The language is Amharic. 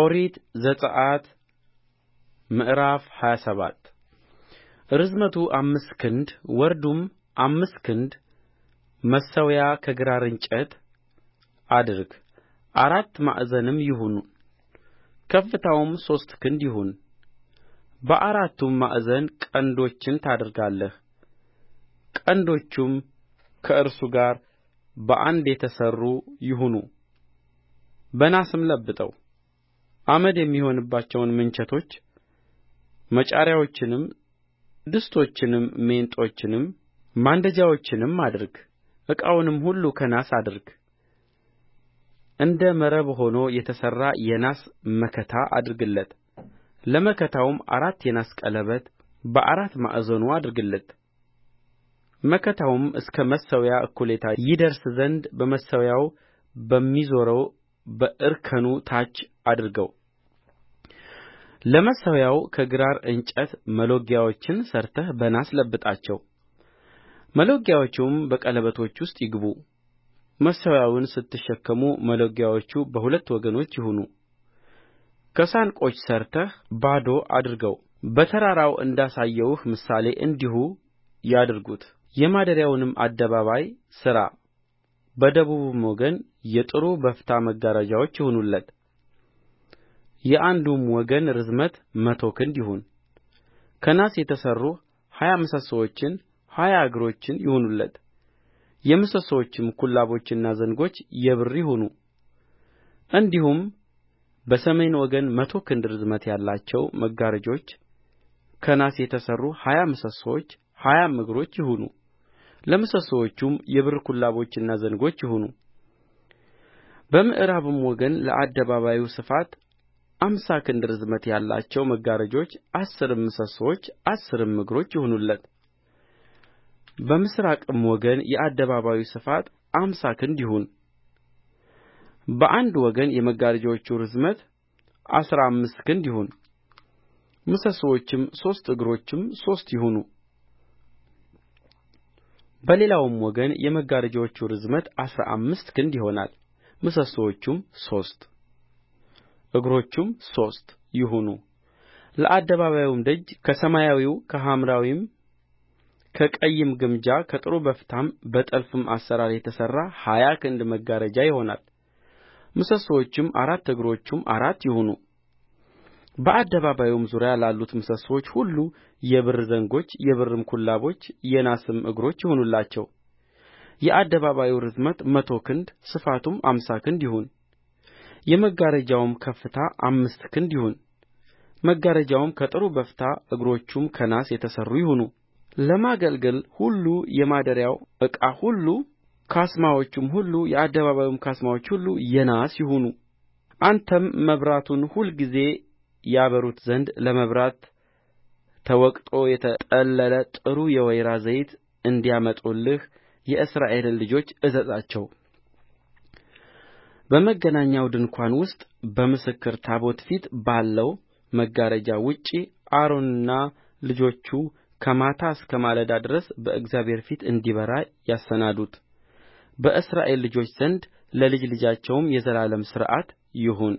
ኦሪት ዘጽአት ምዕራፍ ሃያ ሰባት ርዝመቱ አምስት ክንድ ወርዱም አምስት ክንድ መሠዊያ ከግራር እንጨት አድርግ አራት ማዕዘንም ይሁን ከፍታውም ሦስት ክንድ ይሁን በአራቱም ማዕዘን ቀንዶችን ታደርጋለህ ቀንዶቹም ከእርሱ ጋር በአንድ የተሠሩ ይሁኑ በናስም ለብጠው አመድ የሚሆንባቸውን ምንቸቶች መጫሪያዎችንም ድስቶችንም ሜንጦችንም ማንደጃዎችንም አድርግ ዕቃውንም ሁሉ ከናስ አድርግ እንደ መረብ ሆኖ የተሠራ የናስ መከታ አድርግለት ለመከታውም አራት የናስ ቀለበት በአራት ማዕዘኑ አድርግለት መከታውም እስከ መሠዊያው እኵሌታ ይደርስ ዘንድ በመሠዊያው በሚዞረው በእርከኑ ታች አድርገው ለመሠዊያው ከግራር እንጨት መሎጊያዎችን ሠርተህ በናስ ለብጣቸው መሎጊያዎቹም በቀለበቶች ውስጥ ይግቡ መሠዊያውን ስትሸከሙ መሎጊያዎቹ በሁለት ወገኖች ይሁኑ ከሳንቆች ሠርተህ ባዶ አድርገው በተራራው እንዳሳየሁህ ምሳሌ እንዲሁ ያድርጉት የማደሪያውንም አደባባይ ሥራ በደቡብም ወገን የጥሩ በፍታ መጋረጆች ይሁኑለት የአንዱም ወገን ርዝመት መቶ ክንድ ይሁን ከናስ የተሠሩ ሀያ ምሰሶችን ሀያ እግሮችን ይሁኑለት የምሰሶቹም ኩላቦችና ዘንጎች የብር ይሁኑ እንዲሁም በሰሜን ወገን መቶ ክንድ ርዝመት ያላቸው መጋረጆች ከናስ የተሠሩ ሀያ ምሰሶች ሀያም እግሮች ይሁኑ ለምሰሶቹም የብር ኩላቦችና ዘንጎች ይሁኑ በምዕራብም ወገን ለአደባባዩ ስፋት አምሳ ክንድ ርዝመት ያላቸው መጋረጆች አሥርም ምሰሶች አሥርም እግሮች ይሁኑለት በምሥራቅም ወገን የአደባባዩ ስፋት አምሳ ክንድ ይሁን በአንድ ወገን የመጋረጆቹ ርዝመት አሥራ አምስት ክንድ ይሁን ምሰሶቹም ሦስት እግሮቹም ሦስት ይሁኑ በሌላውም ወገን የመጋረጆቹ ርዝመት አሥራ አምስት ክንድ ይሆናል ምሰሶቹም ሦስት እግሮቹም ሦስት ይሁኑ ለአደባባዩም ደጅ ከሰማያዊው ከሐምራዊም ከቀይም ግምጃ ከጥሩ በፍታም በጥልፍም አሠራር የተሠራ ሀያ ክንድ መጋረጃ ይሆናል ምሰሶቹም አራት እግሮቹም አራት ይሁኑ በአደባባዩም ዙሪያ ላሉት ምሰሶች ሁሉ የብር ዘንጎች የብርም ኩላቦች የናስም እግሮች ይሁኑላቸው የአደባባዩ ርዝመት መቶ ክንድ ስፋቱም አምሳ ክንድ ይሁን የመጋረጃውም ከፍታ አምስት ክንድ ይሁን መጋረጃውም ከጥሩ በፍታ እግሮቹም ከናስ የተሠሩ ይሁኑ ለማገልገል ሁሉ የማደሪያው ዕቃ ሁሉ ካስማዎቹም ሁሉ የአደባባዩም ካስማዎች ሁሉ የናስ ይሁኑ አንተም መብራቱን ሁልጊዜ ያበሩት ዘንድ ለመብራት ተወቅጦ የተጠለለ ጥሩ የወይራ ዘይት እንዲያመጡልህ የእስራኤልን ልጆች እዘዛቸው በመገናኛው ድንኳን ውስጥ በምስክር ታቦት ፊት ባለው መጋረጃ ውጭ አሮንና ልጆቹ ከማታ እስከ ማለዳ ድረስ በእግዚአብሔር ፊት እንዲበራ ያሰናዱት በእስራኤል ልጆች ዘንድ ለልጅ ልጃቸው የዘላለም ሥርዓት ይሁን